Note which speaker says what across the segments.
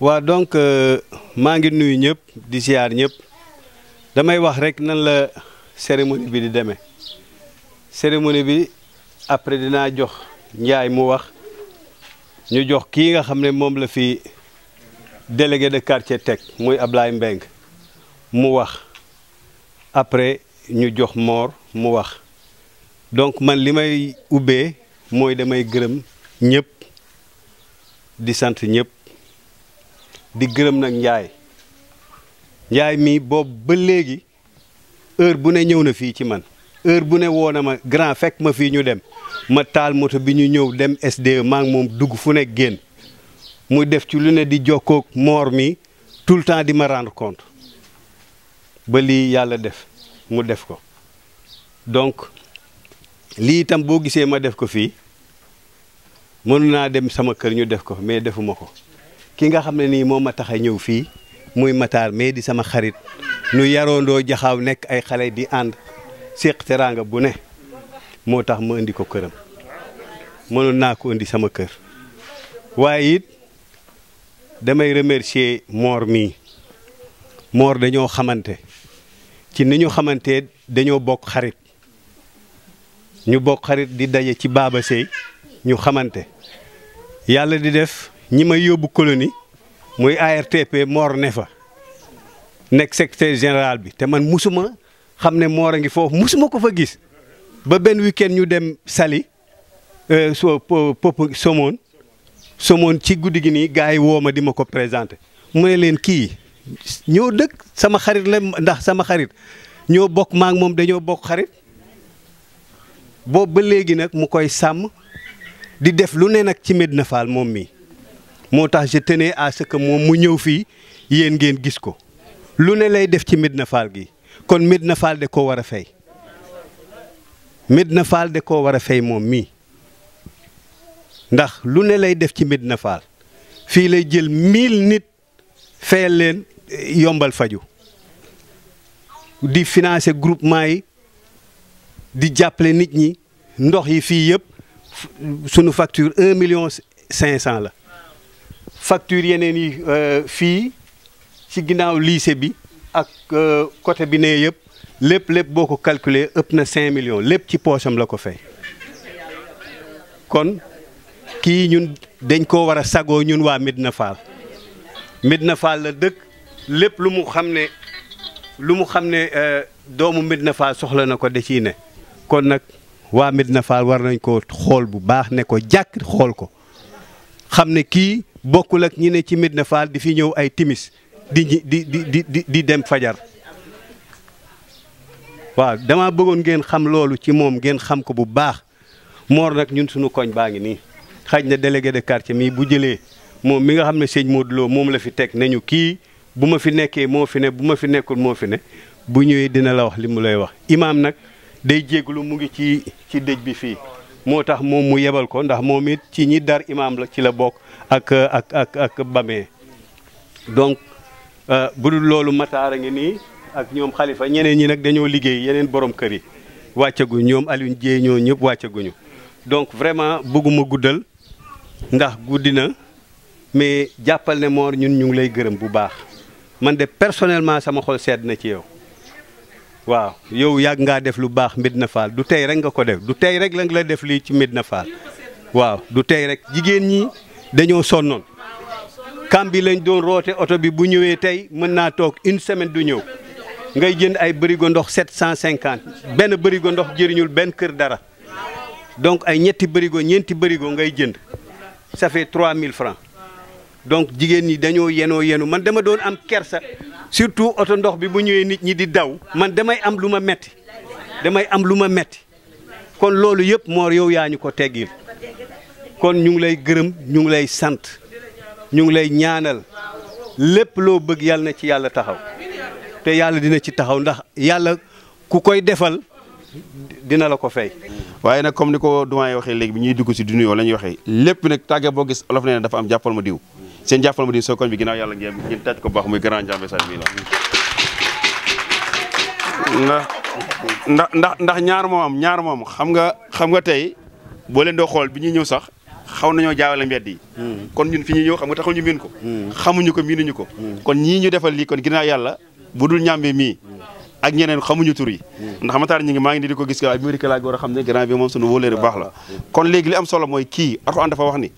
Speaker 1: waa donc euh, maa ngi nuyu ñëpp di siyaar ñëpp damay wax rek nan la cérémonie bi di deme cérémonie bi après dinaa jox njaay mu wax ñu jox kii nga xam ne moom la fi délégué de quartier teg muy Ablaye Mbengue mu wax après ñu jox moor mu wax donc man li may ubbee mooy damay gërëm ñëpp di sant ñëpp di gërëm nag njaay njaay mii boobu ba léegi heure bu ne ñëw na fii ci man heure bu ne woo na ma grand fekk ma fii ñu dem ma taal moto bi ñu ñëw dem SDE maa moom dugg fu nekk génn mu def ci lu ne di jokkoog moor mi tout le temps di ma rendre compte ba lii yàlla def mu def ko donc lii itam boo gisee ma def ko fii mënu naa dem sama kër ñu def ko mais defuma ko ki nga xam ne nii moo ma tax a ñëw fii muy Matar mais di sama xarit nu yaroondoo jaxaw nekk ay xale di ànd séq teraanga bu ne moo tax ma indi ko këram mënoon naa ko indi sama kër waaye it damay remercier moor mii moor dañoo xamante ci ni ñu xamante dañoo bokk xarit ñu bokk xarit di daje ci baaba sëy ñu xamante yàlla di def ñi may yóbbu colonie muy ARTP Mor ne fa nekk secrétaire général bi te man musuma xam ne Mor a ngi foofu musuma ko fa gis ba benn week-end ñu dem sali euh, so pop somoon somoon ci guddi gi nii gars yi woo ma di ma ko présenté mu ne leen kii ñoo dëkk sama xarit la ndax sama xarit ñoo bokk maa moom dañoo bokk xarit boobu ba léegi nag mu koy sàmm di def lu ne nag ci Médina Fall moom mi moo tax je tenais à ce moom mu ñëw fii yéen ngeen gis ko lu ne lay def ci Médina Fall gi kon Médina Fall de koo war a fay Médina Fall de koo war a fay moom mii ndax lu ne lay def ci Médina Fall fii lay jël mille nit fayal leen yombal faju di finance groupement yi di jàppale nit ñi ndox yi fii yëpp sunu facture un million cinq cent la facture yeneen yi euh, fii ci ginnaaw lycée bi ak euh, côté bi ne yëpp lépp lépp boo ko calculer ëpp na cinq millions lépp ci poosam la ko fay kon kii ñun dañ koo war a sagoo ñun waa Medina Fall Medina Fall la dëkk lépp lu mu xam ne lu mu xam ne euh, doomu Médina Fall soxla na ko de ciy ne kon nag waa Médina Fall war nañ ko xool bu baax ne ko jàkk xool ko xam ne kii bokkul ak ñi ne ci Médina Fall di fi ñëw ay timis di di di di di dem fajar waaw dama bëggoon ngeen xam loolu ci moom ngeen xam ko bu baax moor nag ñun suñu koñ baa ngi nii xaj na délégué de quartier mii bu jëlee moom mi nga xam ne sëñ Modou Lo moom la fi teg nañu kii bu ma fi nekkee moo fi ne bu ma fi nekkul moo fi ne bu ñëwee dina la wax li mu lay wax imaam nag day jégalu mu ngi ci ci dëj bi fii moo tax moom mu yebal ko ndax moom it ci ñi dar imaam la ci la bokk ak ak ak ak bamee donc euh, bu dul loolu mataar a ngi nii ak ñoom xalifa ñeneen ñi nag dañoo liggéey yeneen borom kër yi wàccaguñ ñoom Alioune Dieng ñoo ñëpp wàccaguñu donc vraiment bëgguma guddal ndax guddi na mais jàppal ne moor ñun ñu ngi lay gërëm bu baax man de personnellement sama xol sedd na ci yow waaw yow yàgg ngaa def lu baax na Fall du tey rek nga ko def du tey rek la nga def lii ci mid na Fall waaw du tey rek jigéen ñi dañoo sonnoon kam bi lañ doon roote oto bi bu ñëwee tey mën naa toog une semaine du ñëw ngay jënd ay bërigo ndox 750 benn bërigo ndox jëriñul benn kër dara donc ay ñetti bërigo ñeenti bërigo ngay jënd ça fait 3000 francs donc jigéen ñi dañoo yenoo yenu man dama doon am kersa surtout oto ndox bi bu ñëwee nit ñi di daw man damay am lu ma metti damay am lu ma metti kon loolu yëpp moo yow yaa ñu ko teggil kon ñu ngi lay gërëm ñu ngi lay sant ñu ngi lay ñaanal lépp loo bëgg yàlla na ci yàlla taxaw te yàlla dina ci taxaw ndax yàlla ku koy defal dina la ko fay. waaye na comme ni ko doyen waxee léegi bi ñuy
Speaker 2: dugg si du nuyoo la ñuy waxee lépp nag tàgge boo gis olof nee na dafa am jàppal ma diw. seen jàppal ma di soo bi ginnaaw yàlla ngeen ngeen tàcc ko baax muy grand Ndiamé Sadio mii la ndax ndax ndax ñaar moom am ñaar moom xam nga xam nga tey boo leen doo xool bi ñuy ñëw sax xaw ñoo jaawale mbedd yi hmm. kon ñun fi ñuy ñëw xam nga taxul ñu miin ko hmm. xamuñu ko miinuñu ko hmm. kon ñii ñu defal lii kon ginnaaw yàlla bu dul ñàmbe mii ak ñeneen xamuñu tur yi ndax mataar ñi ngi maa ngi ni di ko gis ko waaye bi ma dikk laa war a xam ne grand bi moom suñu wóoleeri baax la kon léegi li am solo mooy kii Alxuraan dafa wax ni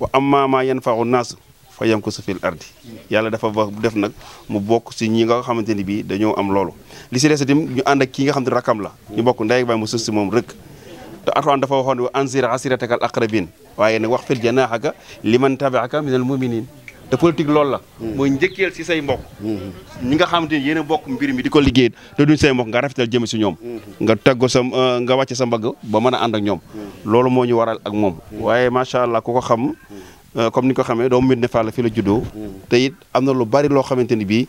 Speaker 2: wa naas fa yam ko sufil ardi yàlla dafa ba def nag mu bokk si ñi nga xamante ni bii dañoo am loolu li si des itam ñu ànd ak nga xam ne rakam la ñu bokk ndey ak baay mu sës si moom rëkk te Alxuraan dafa waxoon ne anzir asiratakal aqrabin waaye nag wax fil janaaxaka liman tabiaka minal muminin te politique loolu la mooy njëkkeel si say mbokk hmm. ñi nga xamante ni yéen a bokk mbir mi di ko liggéey te duñ say mbokk nga rafetal jëme si ñoom hmm. nga taggo sa euh, nga wàcce sa mbagg ba mën a ànd ak ñoom hmm. loolu moo ñu waral ak moom waaye macha allah ku ko xam Euh, comme ni ko xamee doom doomu Médina Fall fi la juddoo. Mm. te it am na lu bari loo xamante ni bii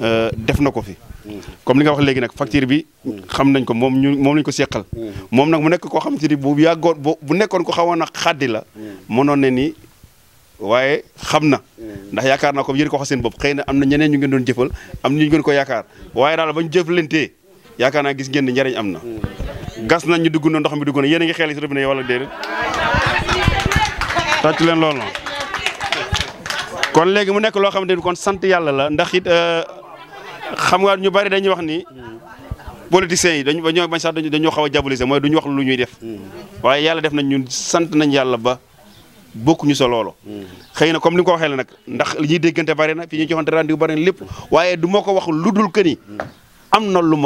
Speaker 2: euh, def na ko fi. Mm. comme li nga wax léegi nag facture bi. Mm. xam nañ ko moom ñu moom lañ ko seqal. moom nag mu nekk koo xamante ni bu yàggoon bu nekkoon ko xawoon a xàddi la. noon ne nii waaye xam na. ndax yaakaar naa ko yéen ko wax seen bopp xëy na am na ñeneen ñu ngeen doon jëfal am na ñu ngeen ko yaakaar waaye daal bañ jëflantee yaakaar naa gis ngeen ne njariñ am na. gas nañ ñu dugg na ndox mi dugg na yéen ngi xeel si robinet yi wala déedéet leen loolu kon léegi mu nekk loo xamante ni kon sant yàlla la ndax it euh, xam nga ñu bari dañuy wax ni politiciens yi dañu ba ñoo bañ sax dañoo xaw a diaboliser mooy du ñu wax lu ñuy def waaye yàlla def nañ ñun sant nañ yàlla ba bokkuñu sa loolu xëy na comme li ko waxee la nag ndax li ñuy déggante bari na fi ñu joxante rendez-vous bari na lépp waaye duma ko wax lu dul que ni am na lu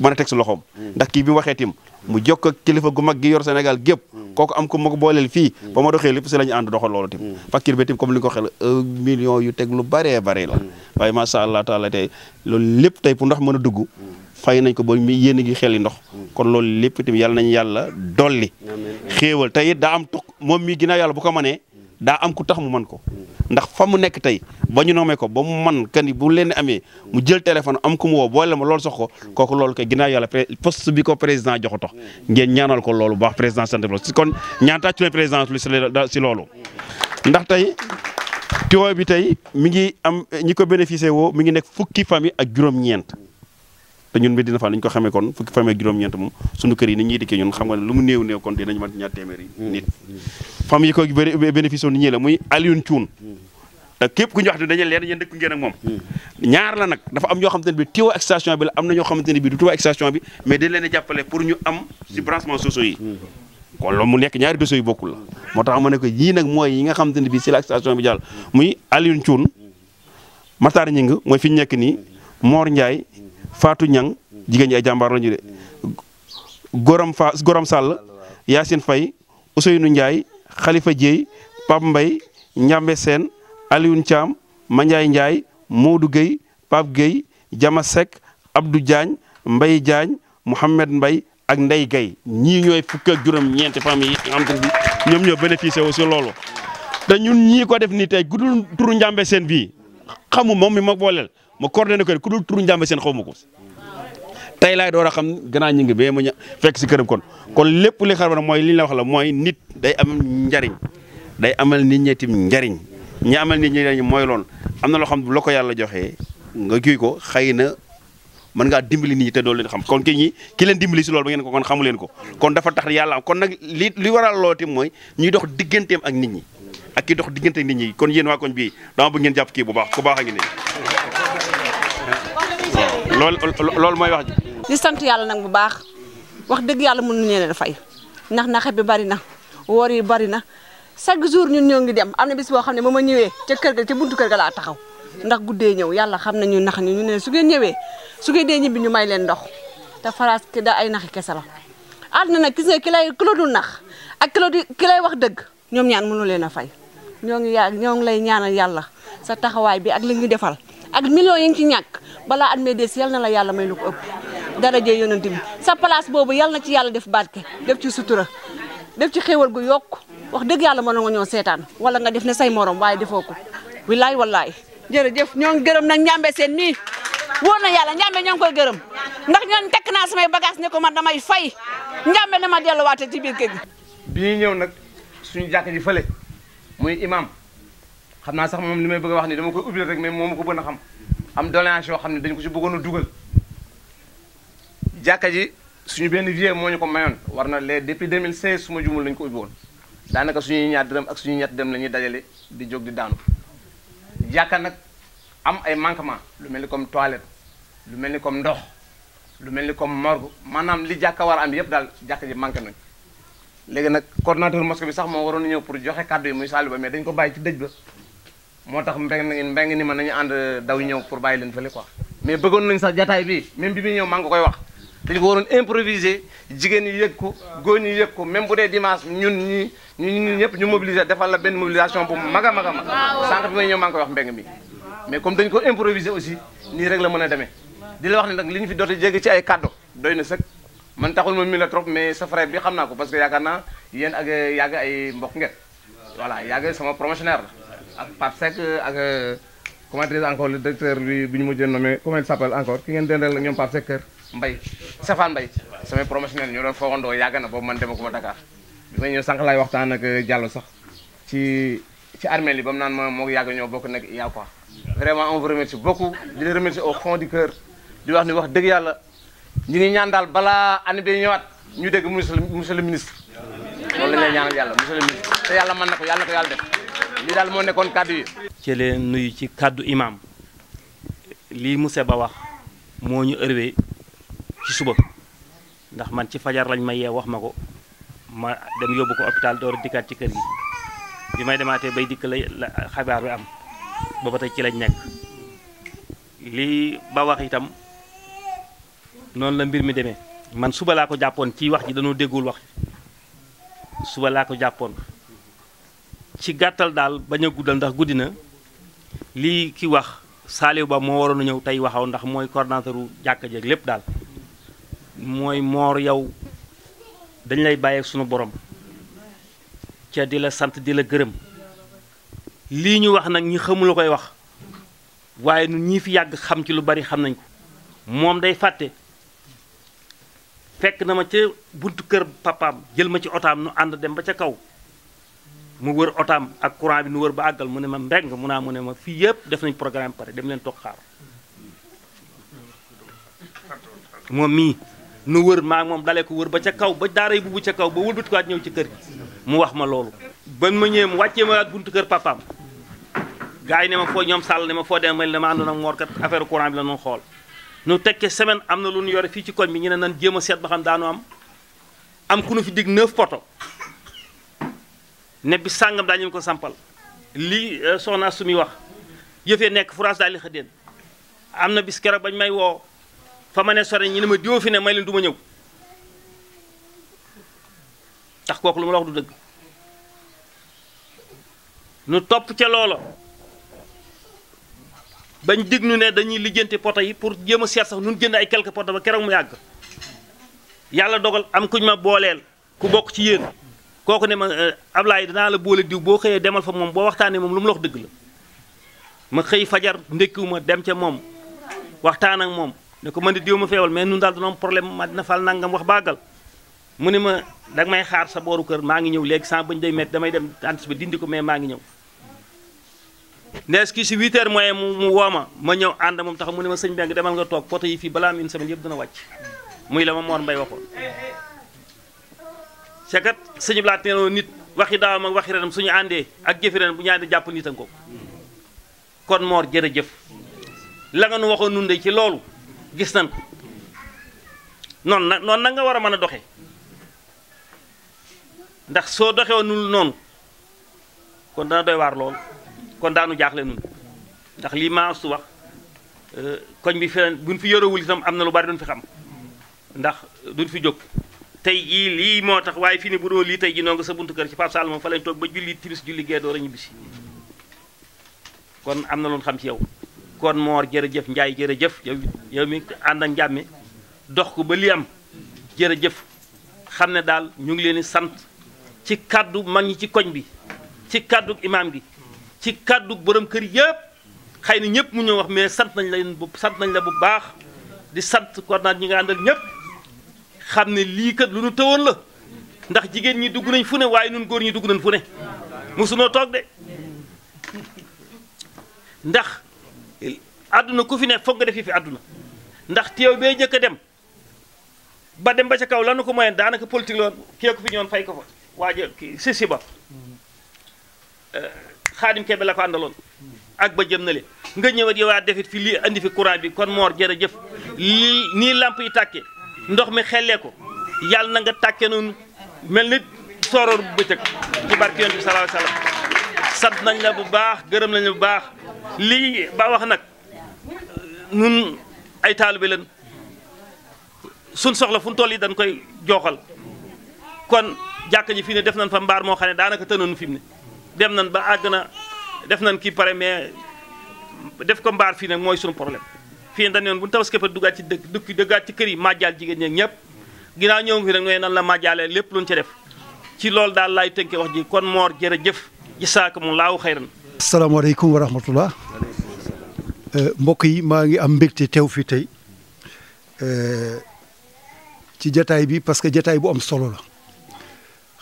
Speaker 2: mën a teg si loxoom ndax kii bi mu waxee tim mu jokk kilifa gu mag gi yor Sénégal gépp kooku am ko ma ko booleel fii ba ma doxee lépp si la ñu ànd doxal loolu tim fakkiir bi tim ko xel un million yu teg lu bëree bëri la waaye macha allah taala te loolu lépp tey pour ndax mën a dugg fay nañ ko ba mi yéen ngi xel yi ndox kon loolu lépp itam yàlla nañu yàlla dolli xéewal tey it am tuk moom mii ginnaaw yàlla bu ko mënee daa am ku tax mu man ko ndax fa mu nekk tey ba ñu noomee ko ba mu man kani bu leen amee mu jël téléphone am ku mu woo boole ma loolu sox ko kooku loolu kay ginnaaw yàlla post bi ko président joxo tax ngeen ñaanal ko loolu baax président sant loolu si kon ñaan tàccu leen président lu si loolu ndax tey tuyau bi tey mi ngi am ñi ko bénéficié woo mi ngi nekk fukki famille ak juróom-ñeent te ñun Medina Fall ni ñu ko xamee kon fukki famille ak juróom-ñeent moom suñu kër yi mm. ku ñu ne dañu leen yéen dëkk ngeen moom mm. ñaar la nag dafa am ñoo xamante ne bi Tivaouane bi la am na ñoo xamante ne bi du Tivaouane bi mais dañ leen a jàppale pour ñu am mm. mu nekk ñaari dossiers yu bokkul la moo tax ma nekk ko yii nag mooy yi nga xamante ne bi ci la station bi jàll muy Alioune Thioune Matar Ñing mooy fi ñu nekk nii Mor Ndiaye faatu ñang jigéen ñi ay jàmbaar lañu de Goram Fa Goram Sall Yacine Faye Ousseynou Ndiaye Khalifa Dieye Pape Mbaye Ndiambe Sène Alioune Thiam Mandiaye Ndiaye Modou Gueye Pape Gueye Jama Seck abdu jaañ mbay Diagne Mouhamed Mbaye ak Ndeye Gueye ñii ñooy fukk ak juróom-ñeenti famille yi nga xam te ñoom ñoo bénéficié aussi loolu. te ñun ñii ko def nii tey guddul turu Ndiambe Sène bii xamu moom mi ma booleel. ma coordonné ko ku dul turu njàmbe seen xaw ma ko tey laay door a xam ganaa ñu ngi bee ma ña fekk si këram kon lépp li xar ba nag mooy li la wax la mooy nit day am njariñ day amal nit ñi tim njariñ ñi nit ñi njariñ mooy loolu am na loo xam ne la ko yàlla joxee nga juy ko xëy na mën ngaa dimbali nit ñi te doo leen xam kon ki ñi ki leen dimbali si loolu ba ngeen ko kon xamu leen ko kon dafa tax yàlla am kon nag li li waral loolu tim mooy ñuy dox digganteem ak nit ñi ak dox diggante nit ñi kon yéen waa koñ bii dama bëgg ngeen jàpp kii bu baax ku baax a ngi loolu loolu mooy wax ji.
Speaker 1: di sant yàlla nag bu baax wax dëgg yàlla mënuñu leen a fay ndax naxe bi bari na woor yi bari na chaque jour ñun ñoo ngi dem am na bis boo xam ne ba ma ñëwee ca kër ga ca buntu kër ga laa taxaw ndax guddee ñëw yàlla xam nañu nax ñu ñu ne su ngeen ñëwee su ngeen dee ñibbi ñu may leen ndox te faraas ki da ay naxi kese la. àdduna nag ki lay ki la nax ak ki la ki wax dëgg ñoom ñaan mënu leen a fay ñoo ngi yaa ñoo ngi lay ñaanal yàlla sa taxawaay bi ak li ñu defal ak millions yi ñu ci ñàkk. balaa at mee des yal na la yàlla may lu ko ëpp daraje yonent bi sa place boobu yal na ci yàlla def barke def ci sutura def ci xéewal gu yokk wax dëgg yàlla mën nga ñoo seetaan wala nga def ne say morom waaye defoo ko wilaay wallaay jërëjëf ñoo ngi gërëm nag ñambe seen nii wóor na yàlla ñambe ñoo ngi koy gërëm ndax ñoon tekk naa samay bagage ne ko man damay fay ñambe ne ma delluwaate ci biir kër
Speaker 3: gi ñëw nag suñu jàkk ji fële muy imam xam naa sax moom li may bëgg a wax ni dama koy ubbi rek mais moom ko bën a xam am doléance yoo xam ne dañ ko si bëggoon a dugal jàkka ji suñu benn vieux moo ñu ko mayoon war na lee depuis 2016 su ma jumul lañ ko ubbi woon daanaka suñuy ñaar dërëm ak suñuy ñett dërëm la dajale di jóg di daanu jàkka nag am ay manquement lu mel ni comme toilette lu mel ni comme ndox lu mel ni comme morgue maanaam li jàkka war a am yépp daal jàkka ji manqué nañ léegi nag coordonnateur mosquée bi sax moo waroon ñëw pour joxe kàddu yi muy Saliou Ba dañ ko bàyyi ci dëj ba moo tax mbeng mbeng ni ma nañu ànd daw ñëw pour bàyyi leen fële quoi mais bëggoon nañ sax jataay bi même bi muy ñëw maa ngi koy wax dañu ko waroon improviser jigéen ñi yëg ko góor ñi yëg ko même bu dee dimanche ñun ñu ñun ñëpp ñu mobiliser defal la benn mobilisation bu mag maga maga a mag sànq bi may ñëw maa koy wax mbeng mi mais comme dañ ko improviser aussi nii rek la mën a demee di la wax ne nag li ñu fi doote jéggi ci ay kàddu doy na sëg man taxul ma mi la trop mais sa frère bi xam naa ko parce que yaakaar naa yéen ak yàgg ay mbokk ngeen voilà yàgg sama promotionnaire la ak ah, Pape Seck ak euh, comment dire encore le directeur bi bi ñu mujjee nommé comment il encore ki ngeen dendal ak ñoom Pape Seck kër Mbaye Stéphane Mbaye samay promotionnel ñu doon foogandoo yàgg na boobu man demaguma Dakar bi may ñëw sànq laay waxtaan ak euh, Diallo sax ci ci armée li ba mu naan ma moo yàgg ñoo bokk nekk yaa quoi vraiment on vous remercie beaucoup di la remercier wax ni wax dëgg yàlla ñu ngi ñaan daal balaa année bi ñëwaat ñu dégg monsieur monsieur le ministre loolu la ñuy ñaanal yàlla monsieur le ministre te na ko yàlla li daal moo nekkoon kàddu yi.
Speaker 4: ci leen nuyu ci kàddu imaam lii monsieur Ba wax moo ñu ërwee ci suba ndax man ci fajar lañ ma yee wax ma ko ma dem yóbbu ko hôpital door dikkaat ci kër gi bi may demaatee bay dikk la xabaar bi am booba ci lañ nekk lii ba wax itam noonu la mbir mi demee man suba laa ko jàppoon ci wax ji dañoo déggul wax suba laa ko jàppoon ci gàttal daal bañ a guddal ndax guddi na lii ki wax Saliou Ba moo waroon a ñëw tey waxaw ndax mooy coordonnateur u jàkka jeeg lépp daal mooy moor yow dañ lay bàyyeeg sunu borom ca di la sant di la gërëm lii ñu wax nag ñi xamul koy wax waaye ñun ñii fi yàgg xam ci lu bari xam nañ moom day fàtte fekk na ma ca buntu kër papaam jël ma ci otaam nu ànd dem ba ca kaw mu wër otaam ak courant bi nu wër ba àggal mu ne ma mbeng mu naa mu ne ma fii yëpp def nañ programme pare dem leen toog xaar moom mii nu wër maa moom dalee ko wër ba ca kaw ba daaray bubu ca kaw ba wëlbatikuwaat ñëw ci kër gi mu wax ma loolu ba ma ñëwee mu wàccee ma ak buntu kër papaam gars yi ne ma foo ñoom sàll ne ma foo demee ma ne ma na ak ngoor ko affaire courant bi la ñu xool nu tekke semaine am na lu nu yore fii ci koñ bi ñu ne nan jéem seet ba xam am ku nu fi dig neuf poto ne bi sàngam daañu ko sampal lii euh, soxna su mi wax yëfee nekk France daal di xëddeen am na bis keroog bañ may woo fa ma ne sore ñi ne ma diwoo fi ne may leen du ma ñëw tax kooku lu ma la wax du dëgg nu topp ca loola bañ dig nu ne dañuy lijjanti poto yi pour jéem a seet sax nu jënd ay quelques poto ba keroog mu yàgg yàlla dogal am kuñ ma booleel ku bokk ci yéen kooku ne ma euh, Ablaye danaa la boole diw boo xëyee demal fa moom boo waxtaanee moom lu mu la dëgg la ma xëy fajar ndékkiwu ma dem ca moom waxtaan ak moom ne ko man di diw ma feewal mais nun daal danoom problème ma dina fal nangam wax bàggal mu ne ma danga may xaar sa booru kër maa ngi ñëw léegi sans bañ day métti damay dem bi dindi ko mais maa ngi ñëw nees ki si 8 heures mooy mu woo ma ma ñëw ànd moom tax mu ne ma sëñ bi demal nga too photo fii balaa am une yëpp dina wàcc muy la ma Mor Mbaye waxoon ca kat sëñ Blaat nee nit waxi daawam ak waxi renam suñu àndee ak jëfi bu ñu àndee jàpp nit ko kon Mor jëf la nga nu waxoon nun de ci loolu gis nañ ko noonu nag noonu nag nga war a mën a doxe ndax soo doxewoon nul noonu kon dana doy waar lool kon daanu jaaxle nun ndax lii maa su wax euh, koñ bi fi buñ fi yorewul itam am na lu bari duñ fi xam ndax duñ fi jóg tey jii lii moo tax waaye fii ni bu doon lii tey jii noo nga sa buntu kër ci Pape Sall moom fa lañ toog ba julli timis julli gee a ñibbisi kon am na loon xam ci yow kon moor jërëjëf Njaay jëf yow yow mi ànd ak njàmme dox ko ba li am jërëjëf xam ne daal ñu ngi leen sant ci kàddu mag ñi ci koñ bi ci kàddu imaam gi ci kàddu borom kër yëpp xëy na ñëpp mu ñoo wax mais sant nañ leen bu nañ la bu baax di sant kon naat ñi nga àndal ñëpp xam ne lii kat lu nu tëwoon la ndax jigéen ñi dugg nañ fu ne waaye nun góor ñi dugg nañ fu ne mosunoo toog de ndax àdduna ku fi ne foog nga def fi àdduna ndax teew bee njëkk dem ba dem ba ca kaw lanu ko moyen daanaka politique la woon kii ko fi ñoon fay ko fa waaja si si ba eh, xaadim kebe la ko àndaloon ak ba jëm na le nga ñëwat a defit fi lii indi fi courant bi kon moor jërëjëf lii nii lamp yi tàkkee ndox mi xellee ko yàlla na nga tàkke mel nit soroor bu bëccëg ci barke yonent bi sallallahu alayhi wasallam nañ la bu baax gërëm nañ la bu baax lii ba wax nag nun ay taalibe leen suñ soxla fu mu toll yi dañ koy joxal kon jàkk ji fii ne def nañ fa mbaar moo xam ne daanaka tënoonu fi mu ne dem nañ ba àgg na def nañ kii pare mais def ko mbaar fii nag mooy suñu problème fii dañu yoon bu ñu tabaskee fa duggaat ci dëkk dëkk dëggaat ci kër yi majjal jigéen ñeeg ñëpp ginnaaw ñëw fi rek nooy nan la majjaalee lépp lu ñu ci def ci loolu daal laay tënkee wax ji kon moor jërëjëf saaka moom laaw xayran
Speaker 5: asalaamaaleykum wa rahmatullah euh, mbokk yi maa ngi am mbégte teew fi tey euh, ci jataay bi parce que jataay boo am solo la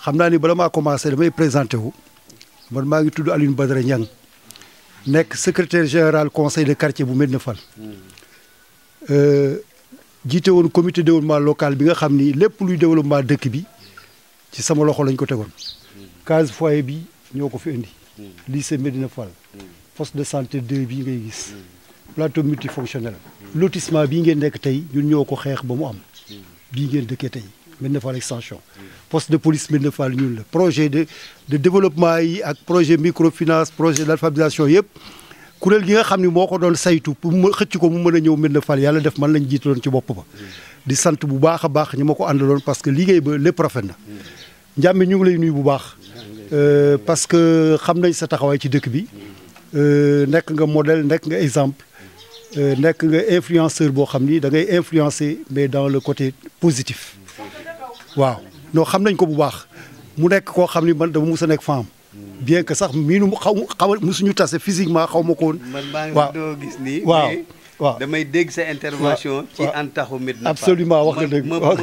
Speaker 5: xam naa ni bala maa commencé damay présenté wu man maa ngi tudd Alioune Badara Niang nekk secrétaire général conseil de quartier bu Medina Fall hmm. Euh, jiite woon comité développement local bi nga xam ni lépp luy développement dëkk bi ci sama loxo lañ ko tegoon. case foyer bi ñoo ko fi indi. Hmm. lycée Medina Fall. Hmm. poste de santé 2 bii ngay gis. Hmm. plateau multifonctionnel. lotissement bii ngeen nekk tey ñun ñoo ko xeex ba mu am. bii ngeen dëkkee tey Medina Fall extension. poste de police Medina Fall ñun la projet de de développement yi ak projet microfinance projet d'alphabétisation yëpp. kuréel gi nga xam ni moo ko doon saytu pour mu xëcc ko mu mën a ñëw Médina Fall yàlla def man lañ jiitaloon ci bopp ba di sant bu baax a baax ñi ma ko àndaloon parce que liggéey ba lépp rafet na njàmbi ñu ngi lay nuyu bu baax euh, parce que xam nañ sa taxawaay ci dëkk bi euh, nekk nga modèle nekk nga exemple euh, nekk nga influenceur boo xam ni da ngay influencer mais dans le côté positif waaw non xam nañ ko bu baax mu nekk koo xam ni man dama mus a nekk femme bien que sax miinu xaw xaw musuñu tase physiquement xaw ma ko
Speaker 1: man maa ngi doo gis nii. waaw waaw damay dégg sa intervention. ci antaxu Médina Fall. absolument wax nga dëgg wax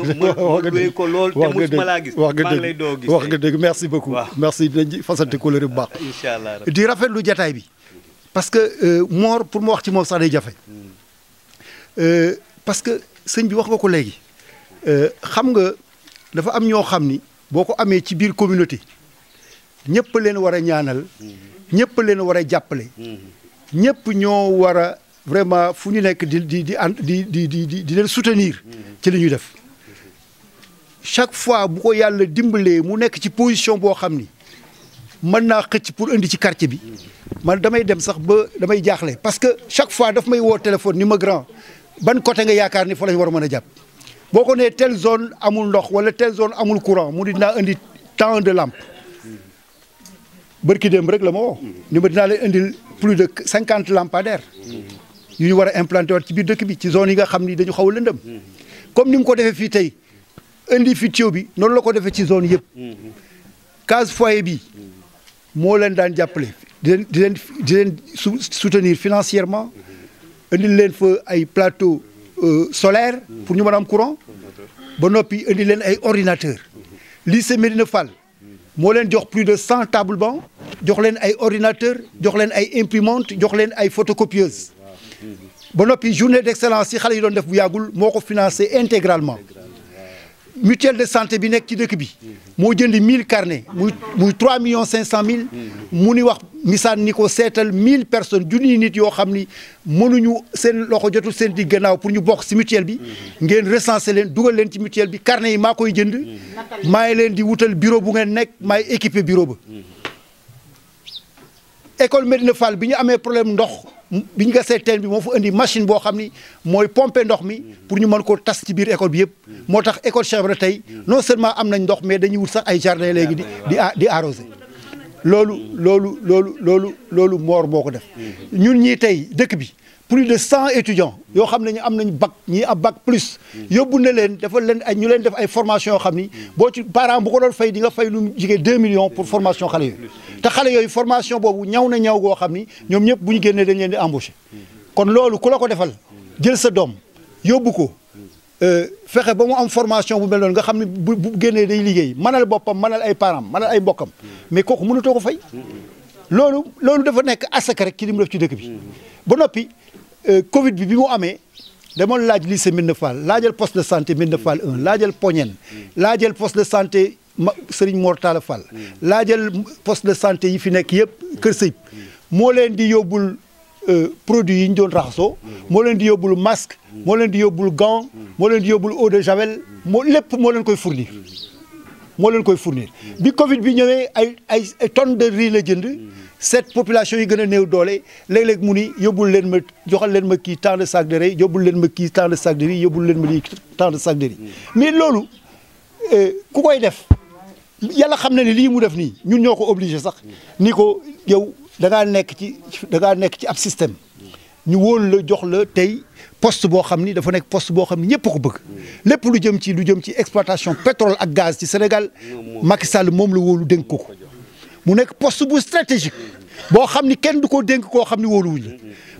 Speaker 1: nga dëgg ko lool te musuma laa gis. wax nga dëgg wax nga dëgg
Speaker 5: merci beaucoup. merci dinañ fasante kóllëre bu baax. incha allah di rafetlu jataay bi. parce que euh, Mor pour ma wax ci moom sax day jafe. Hmm. Euh, parce que sëñ bi wax nga ko léegi. Euh, xam nga dafa am ñoo xam ni boo ko amee ci biir communauté. ñëpp leen war a ñaanal ñëpp leen war a jàppale ñëpp ñoo war a vraiment fu ñu nekk di di di di di di di leen soutenir ci li ñuy def chaque fois bu ko yàlla dimbalee mu nekk ci position boo xam ni mën naa xëcc pour indi ci quartier bi man damay dem sax ba damay jaaxle parce que chaque fois daf may woo téléphone ni ma grand ban côté nga yaakaar ni fa lañ war a mën a jàpp boo ko nee telle zone amul ndox wala telle zone amul courant mu di naa indi temps de lampe bërki démb rek la moo woo mm-hmm. ni ma dinaa leen indil plus de cinquante lampadaires mm-hmm. yu ñu war a implanté waat ci biir dëkk bi ci zone yi nga xam ni dañu xaw a lëndëm mm-hmm. comme ni mu ko defee fii tey indi fi tuyau bi noonu la ko defee ci zone yëpp case foyer bi moo leen daan jàppale di leen di leen di leen soutenir financièrement indil leen fa ay plateau euh, solaire pour ñu mën a am courant ba noppi indi leen ay ordinateur lycée Medina Fall moo leen jox plus de cent table banc leen ay ordinateur jox leen ay imprimante jox leen ay photocopieuse ba noppi journée d'excellence yi xale yi doon def bu yàggul moo ko financé intégralement mutuelle de santé bi nekk ci dëkk bi moo jënd 1000 carnet muy muy 3 cinq 500 mille mu ni wax misaan ni ko seetal 1000 personnes junniy nit yoo xam ni mënuñu seen loxo jotul seen di gannaaw pour ñu bokk si mutuelle bi ngeen recensé leen dugal leen ci mutuelle bi carnet yi maa koy jënd maay leen di wutal bureau bu ngeen nekk may équipe bureau ba école Medina Fall bi ñu amee problème ndox bi ñu gasee teen bi moo fa indi machine boo xam ni mooy pomper ndox mi pour ñu mën koo tas ci biir école bi yëpp moo tax école Cheikh tey non seulement am nañ ndox mais dañuy wut sax ay jardin léegi di di di arrosé loolu loolu loolu loolu loolu Mor moo ko def ñun ñii tey dëkk bi plus de cent étudiants yoo xam ne ñu am nañu bac ñii am bac plus yóbbu na leen dafa leen ay ñu leen def ay formation yoo xam ni boo ci parent bu ko doon fay di nga fay lu jigee deux millions pour formation xale yooyu te xale yooyu formation boobu ñaw na ñaw goo xam ni ñoom ñëpp bu ñu génnee dañ leen di embauché kon loolu ku la ko defal jël sa doom yóbbu ko euh, fexe ba mu am formation bu mel noonu nga xam ne bu bu génnee day liggéey mënal boppam mënal ay parent mënal ay mbokkam mais kooku mënatoo ko fay loolu loolu dafa nekk asaka rek ci li mu ci dëkk bi ba noppi Euh, Covid bi bi mu amee demoon laaj lycée Médina Fall laajal poste de santé Médina Fall 1 laajal Poñen laajal poste de santé ma Serigne Mor Talla Fall laajal poste de santé yi fi nekk yëpp Kër Sëy moo leen di yóbbul euh, produits yi ñu doon raxasoo moo leen di yóbbul masque moo leen di yóbbul gant moo leen di yóbbul eau de javel lépp moo leen koy fournir moo leen koy fournir bi Covid bi ñëwee ay ay tonnes de riz la jënd cette population yi gën a néew doole léeg-léeg mu ni yóbbul leen ma joxal leen ma kii tant de sac de riz leen ma kii tant de sac de riz yóbbul leen ma lii tant de sac de riz mais loolu euh, ku koy def yàlla xam na ni lii mu def nii ñun ñoo ko obligé sax nii ko yow da ngaa nekk ci da nekk ci ab système ñu wóolu la jox la tey poste boo xam ni dafa nekk poste boo xam ni ñëpp ko bëgg lépp lu jëm ci lu jëm ci exploitation pétrole ak gaz ci Sénégal Macky Sall moom la wóolu dénk ko ko mu nekk post bu stratégique boo xam ni kenn du ko dénk koo xam ni wóoluwuñ la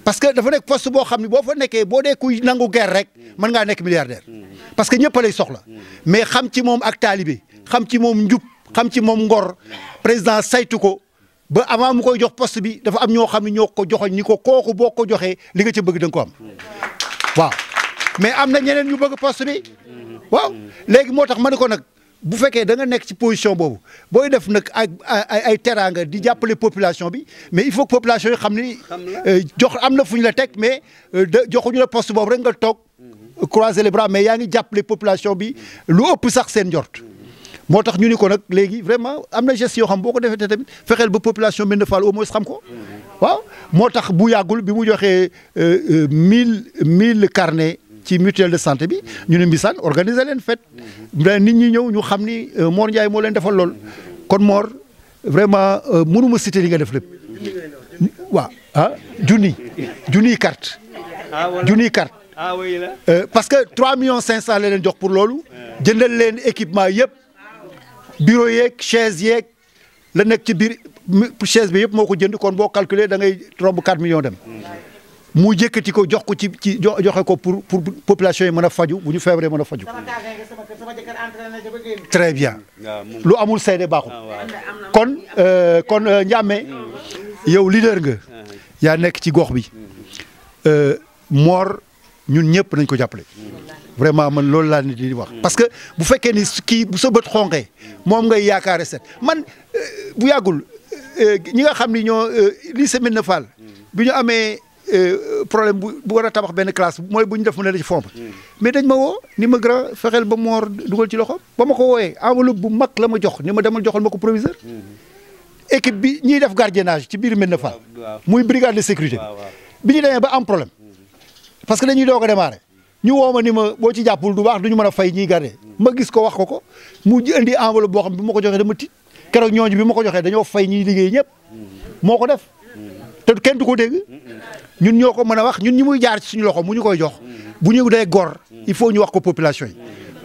Speaker 5: parce que dafa nekk post boo xam ni boo fa nekkee boo dee kuy nangu guerre rek mën ngaa nekk milliardaire parce que ñëpp lay soxla mais xam ci moom ak taalibe xam ci moom njub xam ci moom ngor président saytu ko ba avant mu koy jox post bi dafa am ñoo xam ne ñoo ko joxoñ ni ko kooku boo ko joxee li nga ca bëgg da ko am waaw mais am na ñeneen ñu bëgg post bi waaw léegi moo tax ma ne ko nag. bu fekkee da nekk ci position boobu booy def nag ay ay ay teraanga di jàppale population bi mais il faut que population yi xam ni. Euh, jox am na fu ñu la teg mais euh, da joxuñu la poste boobu rek nga toog. Mhm. croiser les bras mais yaa ngi jàppale population bi mhm. lu ëpp sax seen njort. Mhm. moo tax ñu ni ko nag léegi vraiment am na gestes yoo xam boo ko defee tamit fexeel ba population Médina Fall au moins xam ko. waaw moo tax bu yàggul bi mu joxee euh, mille mille carnet ci mutuel de santé bi ñu ne Mbissane organiser leen fête nit ñi ñëw ñu xam ni euh, Mor Ndiaye moo leen defal lool kon moor vraiment euh, mënuma citer li nga def lépp waaw ah junni junniy carte
Speaker 1: ah, junniy carte ah,
Speaker 5: euh, parce que 3 millions 500 la leen jox pour loolu jëndal leen équipement yëpp bureau yeeg chaise yeeg la nekk ci biir chaise bi yëpp moo ko jënd kon boo calculer da ngay romb 4 millions dem. mu jëkkati ko jox ko ci ci joxe ko pour pour population yi mën a faju bu ñu feebaree mën a faju très bien lu amul seede baaxul ah, kon euh, kon euh, Ndiamé yow leader nga ah. yaa nekk ci gox bi euh, moor ñun ñëpp nañ ko jàppale vraiment man loolu laa nit di wax mm. parce que bu fekkee ni kii bu sa bët xonqee mm. moom ngay yaakaar set man bu yàggul ñi nga xam ni ñoo semaine Medina Fall mm. bi ñu amee Euh, problème bu bu war a tabax benn classe mooy bu ñu def mu ne la ci fomb. Hmm. mais dañ ma woo ni ma grand fexeel ba moor dugal ci loxo ba ma ko wooyee enveloppe bu mag la ma jox ni ma demal joxal ma ko proviseur. Hmm. équipe bi ñuy def gardiennage ci biir Médina Fall. muy brigade de sécurité. bi ñu demee ba am problème. Hmm. parce que dañuy doog a demaare ñu woo ma ni ma boo ci jàppul du baax du ñu mën a fay ñi garder. ma gis ko wax ko ko mu indi enveloppe boo xam bi ma ko joxee dama tiit keroog ñooñu bi ma ko joxee dañoo fay ñiy liggéey ñëpp. moo ko def. te kenn du ko dégg. ñun ñoo ko mën a wax ñun ñi muy jaar ci suñu loxo mu ñu koy jox bu ñu dee gor il faut ñu wax ko population yi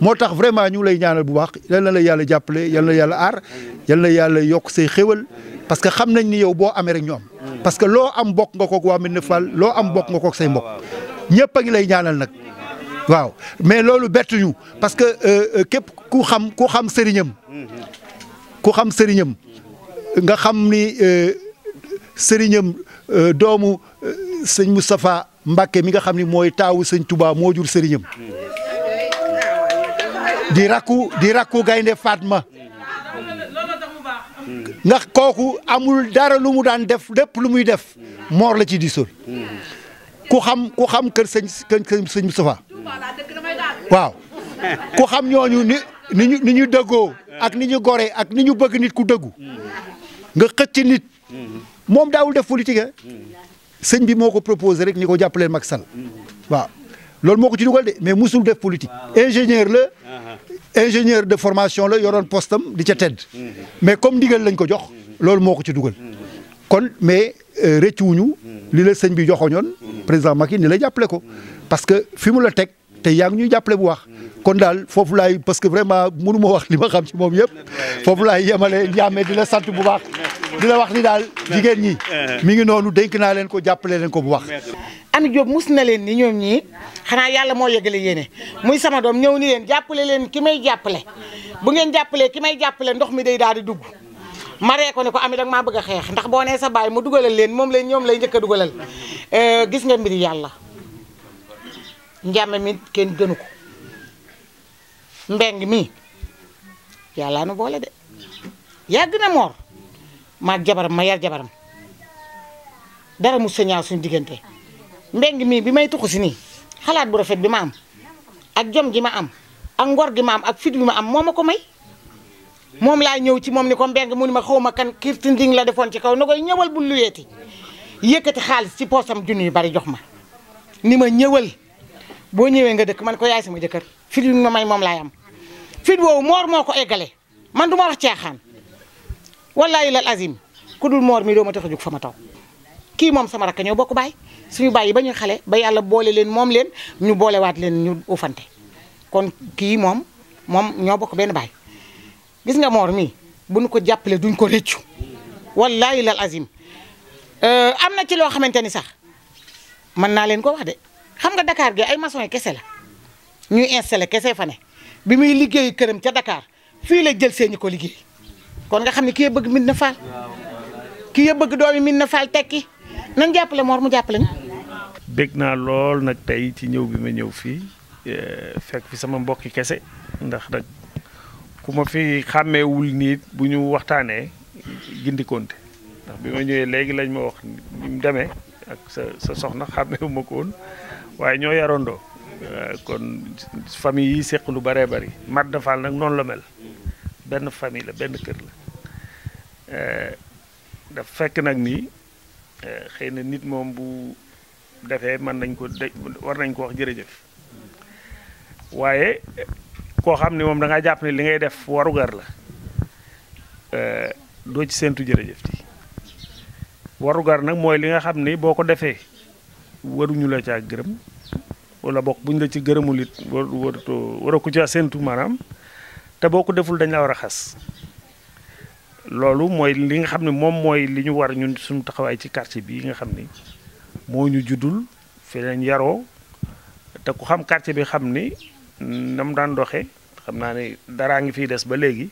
Speaker 5: moo tax vraiment ñu lay ñaanal bu baax yal na la yàlla jàppale yal na yàlla aar yal na yàlla yokk say xéwal parce que xam nañ ni yow boo amee rek ñu am parce que loo am bokk nga kook waa Médina Fall loo am bokk nga kook say mbokk ñëpp a ngi lay ñaanal nag waaw mais loolu bett ñu parce que euh, euh, képp ku xam ku xam sëriñam ku xam sëriñam nga xam ni euh, sëriñam doomu sëñ Moustapha Mbacke mi nga xam ni mooy taawu sëñ Touba moo jur sëriñam di rakku di rakku gaynde Fatma nga kooku amul dara lu mu daan def lépp lu muy def moor la ci diisoon ku xam ku xam kër sëñ kër sëñ Moustapha
Speaker 1: waaw ku
Speaker 5: xam ñooñu ni ni ñu ni ñu dëggoo ak ni ñu gore ak ni ñu bëgg nit ku dëggu nga xëcc nit moom daawul def politique eh? sëñ bi moo ko proposé rek ni ko jàppaleen Macky Sall waaw loolu moo ko ci dugal de mais musul def politique ah, ingénieur la ah, ah. ingénieur de formation la yoroon postam di ca tedd mm-hmm. mais comme ndigal lañ ko jox mm-hmm. loolu moo ko ci dugal mm-hmm. kon mais euh, rëccuwuñu li la sëñ bi joxoñoon président Macky ni la jàppale ko parce que fi mu la teg te yaa ngi ñuy jàppale bu wax kon daal foofu laay parce que vraiment mënu ma wax li ma xam ci moom yëpp foofu laay yemale ñaame di la sant bu baax
Speaker 6: di la wax ni daal jigéen ñi eh. mi ngi noonu dénk naa leen ko jàppale leen ko bu wax Ami Diop mus na leen ni ñoom ñii xanaa yàlla moo yëgale yéene muy sama doom ñëw ni leen jàppale leen ki may jàppale bu ngeen jàppalee ki may jàppale ndox mi day daal di dugg maree ko ne ko ami dag maa bëgg a xeex ndax boo nee sa baay mu dugalal leen moom lay ñoom lay njëkk a dugalal eh, gis nga mbiri yàlla njàmme mi kenn gënu ko mbeng mi yàlla nu boole de yàgg na moor maag jabaram ma yar jabaram dara mu sañaaw suñu diggante mbeng mii bi may tuxu si nii xalaat bu rafet bi ma am ak jom gi ma am ak ngor gi ma am ak fit bi ma am moo ma ko may moom laa ñëw ci moom ni ko mbeng mu ma xaw ma kan kirtinding la defoon ci kaw na koy ñëwal bu luyeeti xaalis ci poosam junni yu bari jox ma ni ma ñëwal boo ñëwee nga dëkk man ko yaay ma jëkkër fit bi ma may moom laay am fit woowu moor moo ko eggale man du ma wax caaxaan wallaahi lal azim ku dul moor mi doo ma tax a fa ma taw kii moom sama rakk ñoo bokk baay suñu bàyyi ba ñuy xale ba yàlla boole leen moom leen ñu boolewaat leen ñu ufante kon kii moom moom ñoo bokk benn baay gis nga moor mi bu nu ko jàppale duñ ko rëccu wallaahi lal azim euh, am na ci loo xamante ni sax mën naa leen ko wax de xam nga dakaar gi ay maçon kese la ñuy installé kese fa ne bi muy liggéeyu këram ca dakaar fii la jël seeni ko liggéey kon nga xam ne ki bëgg na Médina kii ki bëgg doomi Médina Fall tekki nan jàppale Mor mu jàppale ñu.
Speaker 7: bég naa lool nag tey ci ñëw bi ma ñëw fii eh, fekk fi sama mbokki kese ndax nag ku ma fi xàmmeewul nit bu ñu waxtaanee gindikonte ndax bi ma ñëwee léegi lañ ma wax ni mu demee ak sa sa soxna xàmmeewu ma ko waaye ñoo yarandoo eh, kon famille yi séq lu bari mat Médina Fall nag noonu la mel benn famille la benn kër la Eh, daf fekk nag nii eh, xëy na nit moom bu defee mën nañ ko de war nañ ko wax jërëjëf waaye koo xam ne moom dangaa ngaa jàpp ne li ngay def warugar la eh, doo ci séentu jërëjëf ti warugar nag mooy li nga xam ni boo ko defee waruñu la caa gërëm wala bokk buñ la ci gërëmul it war waratu war a ku caa séentu maanaam te boo ko deful dañ la war a xas loolu mooy li nga xam ne moom mooy li ñu war ñun suñu taxawaay ci karti bi nga xam ni moo ñu juddul fi leen yaroo te ku xam quartier bi xam ni na mu daan doxee xam naa ne daraa ngi fiy des ba léegi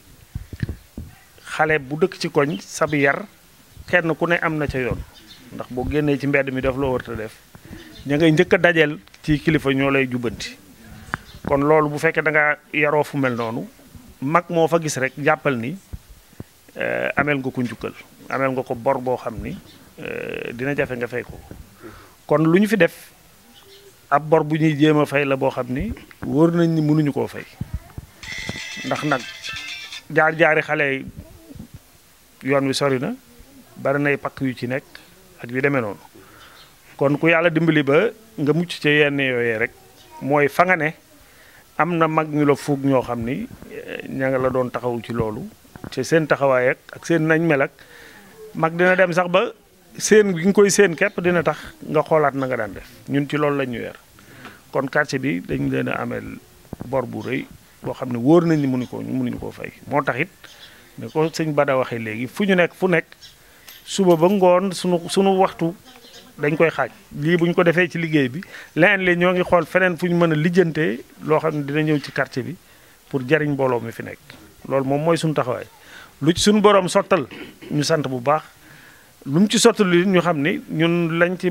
Speaker 7: xale bu dëkk ci koñ sab yar kenn ku ne am na ca yoon ndax boo génnee ci mbedd mi def loo war def ña ngay njëkk a dajeel ci kilifa ñoo lay jubbanti kon loolu bu fekkee da nga yaroo fu mel noonu mag moo fa gis rek jàppal ni. Eh, ameel nga ko njukkal ameel nga ko bor boo xam ni eh, dina jafe nga fay ko kon lu ñu fi def ab bor bu ñuy jéem a fay la boo xam ni wóor nañ ni mënuñu koo fay ndax nag jaar-jaari xale yoon wi sori na bari nay pakk yu ci nekk ak yu demee noonu kon ku yàlla dimbali ba nga mucc ci yenn yooyee rek mooy fangane am na mag ñu la fuug ñoo xam ni eh, ña nga la doon taxawu ci loolu ci seen taxawaay ak seen nañ mel mag dina dem sax ba seen gi nga koy seen képp dina tax nga xoolaat na nga daan def ñun ci loolu la ñu weer kon quartier bi dañ leen a amee bor bu rëy boo xam ne wóor nañ ni mënuñu ko mënuñu koo fay moo tax it ne ko sëñ Bada waxee léegi fu ñu nekk fu nekk suba ba ngoon sunu sunu waxtu dañ koy xaaj lii bu ñu ko defee ci liggéey bi leneen li ñoo ngi xool feneen fu ñu mën a lijjantee loo xam ne dina ñëw ci quartier bi pour jariñ mbooloo mi fi nekk loolu moom mooy suñu taxawaay lu ci suñu borom sottal ñu sant bu baax lu mu ci sottal li ñu xam ni ñun lañ ci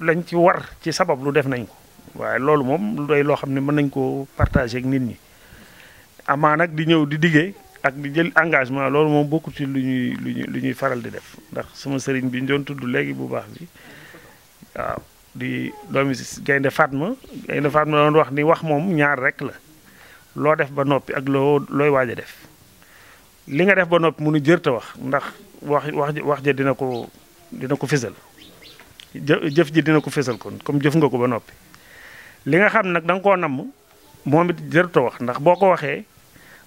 Speaker 7: lañ ci war ci sabab lu def nañ ko waaye loolu moom lu doy loo xam ne mën nañ koo partager ak nit ñi amaa nag di ñëw di diggee ak di jël engagement loolu moom bokkul ci lu ñuy lu ñuy lu ñuy faral di def ndax suma sëriñ bi ñu doon tudd léegi bu baax bi waaw di doomi gaynde Fatma gaynde Fatma doon wax ni wax moom ñaar rek la loo def ba noppi ak loo looy waaj a def li nga def ba noppi mu munu jërta wax ndax wax wax wax ja dina ko dina ko fésal jëf ji dina ko fésal kon comme jëf nga ko ba noppi li nga xam nag danga nga koo namm moom it jërta wax ndax boo ko waxee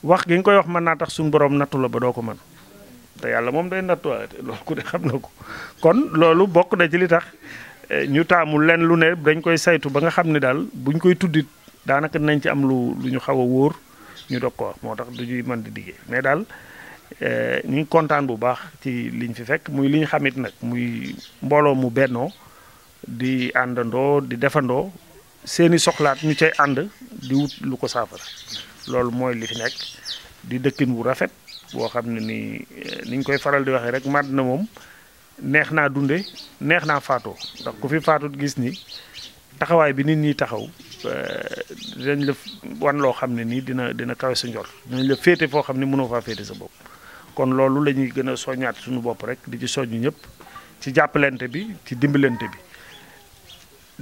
Speaker 7: wax gi nga koy wax mën naa tax suñ borom nattu la ba doo ko man te yàlla moom day nattuwaate loolu ku ne xam na ko kon loolu bokk na ci li tax eh, ñu taamu len lu ne dañ koy saytu ba nga xam ne daal buñ koy tuddit daanaka nañ ci am lu lu ñu xaw a wóor ñu dog ko wax moo tax du ñuy man di liggéey mais daal euh, ñu ngi kontaan bu baax ci liñ fi fekk muy li ñu xamit nag muy mbooloo mu bennoo di àndandoo di defandoo seeni soxlaat ñu cay ànd di wut lu ko saafara loolu mooy li fi nekk di dëkkin wu rafet boo xam ne nii euh, niñ koy faral di waxee rek màdd na moom neex naa dunde neex naa faatoo ndax ku fi faatut gis ni taxawaay bi nit ñi taxaw Euh, dinañ la wan loo xam ne nii dina dina kawe sa njor dinañ la féete foo xam ne mënoo faa féete sa bopp kon loolu la ñuy gën a soññaat suñu bopp rek di ci soññ ñëpp ci jàppalante bi ci dimbalante bi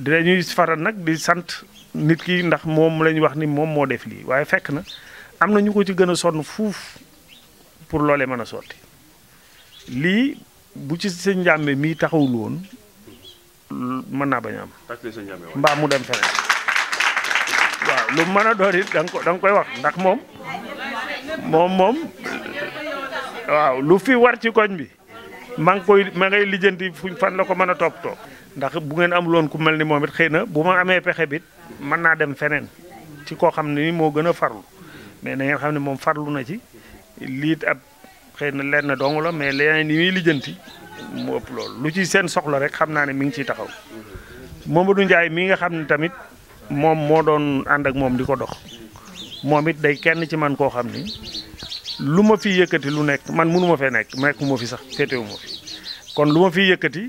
Speaker 7: dinañuy faral nag di sant nit ki ndax moom lañuy wax ni moom moo def lii waaye fekk na am na ñu ko ci gën a sonn fuuf pour loole mën a sotti lii bu ci sa njàmbe mii taxawul woon mën naa bañ a am mbaa mu dem feneen lu mën a doon it da nga ko da nga koy wax ndax moom moom moom waaw lu fi war ci koñ bi maa ngi koy ma ngay lijjanti fuñ fan la ko mën a toppatoo ndax bu ngeen am loon ku mel ni moom it xëy na bu ma amee pexe bit mën naa dem feneen ci koo xam ne ni moo gën a farlu mais na ngeen xam ne moom farlu na ci liit ab xëy na lenn dong la mais leen ni muy lijjanti mu ëpp loolu lu ci seen soxla rek xam naa ne mi ngi ciy taxaw Mamadou Ndiaye mi nga xam ne tamit moom moo doon ànd ak moom di ko dox moom it day kenn ci man koo xam ni lu ma fi yëkkati lu nekk man mënu fee nekk nekku fi sax féetewu fi kon lu ma fi yëkkati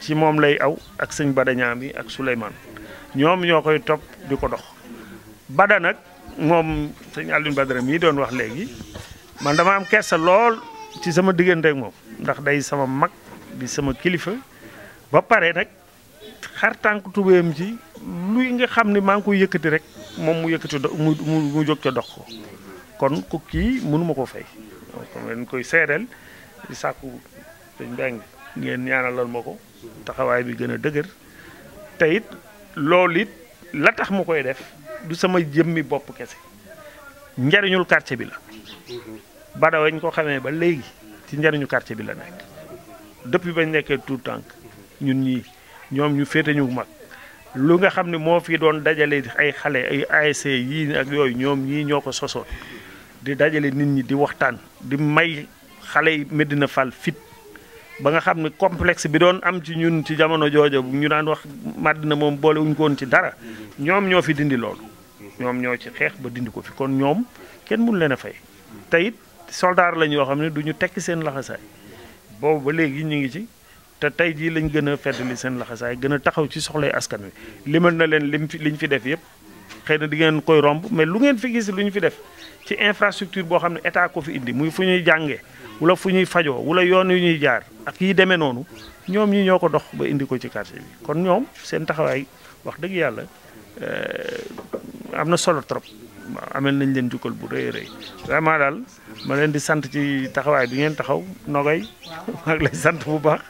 Speaker 7: ci moom lay aw ak sëñ Badañaa mi ak Souleymane ñoom ñoo koy topp di ko dox Bada nag moom sëñ Alioune Badara mii doon wax léegi man dama am kersa lool ci sama diggante ak moom ndax day sama mag di sama kilifa ba pare nag xar tànk tubéyam ci luy nga xam ne maa ngi koy yëkkati rek moom mu yëkkati do mu mu jóg ca dox ko kon ku kii mënuma ko fay kon koy seedeel di sàkku dañ bàng ngeen ñaanalal ma ko taxawaay bi gën a dëgër te it loolu it la tax mu koy def du sama jëmmi bopp kese njariñul quartier bi la badawa ñu ko xamee ba léegi ci njariñu quartier bi la nekk depuis bañ nekkee tout tànk ñun ñii ñoom ñu féete ñu mag lu nga xam ne moo fi doon dajale ay xale ay ASC yii ak yooyu ñoom ñii ñoo ko sosoon di dajale nit ñi di waxtaan di may xale yi meddina fal fit ba nga xam ne complexe bi doon am ci ñun ci jamono joojo ñu daan wax na moom boole wuñ ko ci dara ñoom ñoo fi dindi loolu ñoom ñoo ci xeex ba dindi ko fi kon ñoom kenn mun leen a fay te it soldaar lañ yoo xam ne du ñu tekki seen laxasaay boobu ba léegi ñu ngi ci te tey jii lañ gën a feddali seen laxasaay gën a taxaw ci soxlay askan wi limal na leen lim fi liñ fi def yëpp xëy na di ngeen koy romb mais lu ngeen fi gis lu ñu fi def ci infrastructure boo xam ne état ko fi indi muy fu ñuy jàngee wala fu ñuy fajoo wala yoon yu ñuy jaar ak yi demee noonu ñoom ñi ñoo ko dox ba indi ko ci quartier bi kon ñoom seen taxawaay wax dëgg yàlla euh, am na solo trop amel nañ leen jukkal bu rëy rëy vraiment daal ma leen di sant ci taxawaay bi ngeen taxaw nogay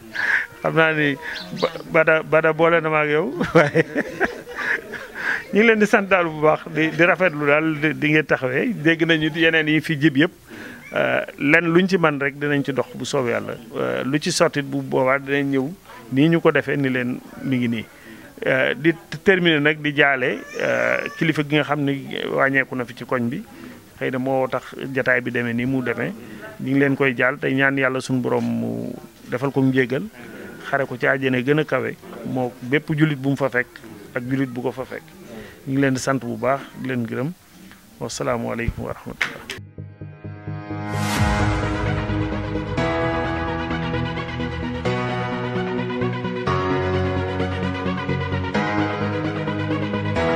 Speaker 7: xam naa ni bada bada boole na ma ak yow waaye ñu ngi leen di sant daal bu baax di di rafetlu daal di ngeen taxawee dégg nañu yeneen yi fi jib yëpp euh, lenn luñ ci man rek dinañ ci dox bu soob yàlla euh, lu ci sotti bu boobaa dinañ ñëw nii ñu ko defee ni leen mi ngi nii euh, di terminer nag di jaale kilifa gi nga xam ni wàññeeku na fi ci koñ bi xëy na moo tax jataay bi demee nii mu demee ñu ngi leen koy jaal tey ñaan yàlla suñu borom mu defal ko mu jéggal xare ko ci àjjana gën a kawe moo bépp jullit bu mu fa fekk ak jullit bu ko fa fekk ñu ngi leen di sant bu baax di leen gërëm wasalaamualeykum wa
Speaker 8: rahmatullah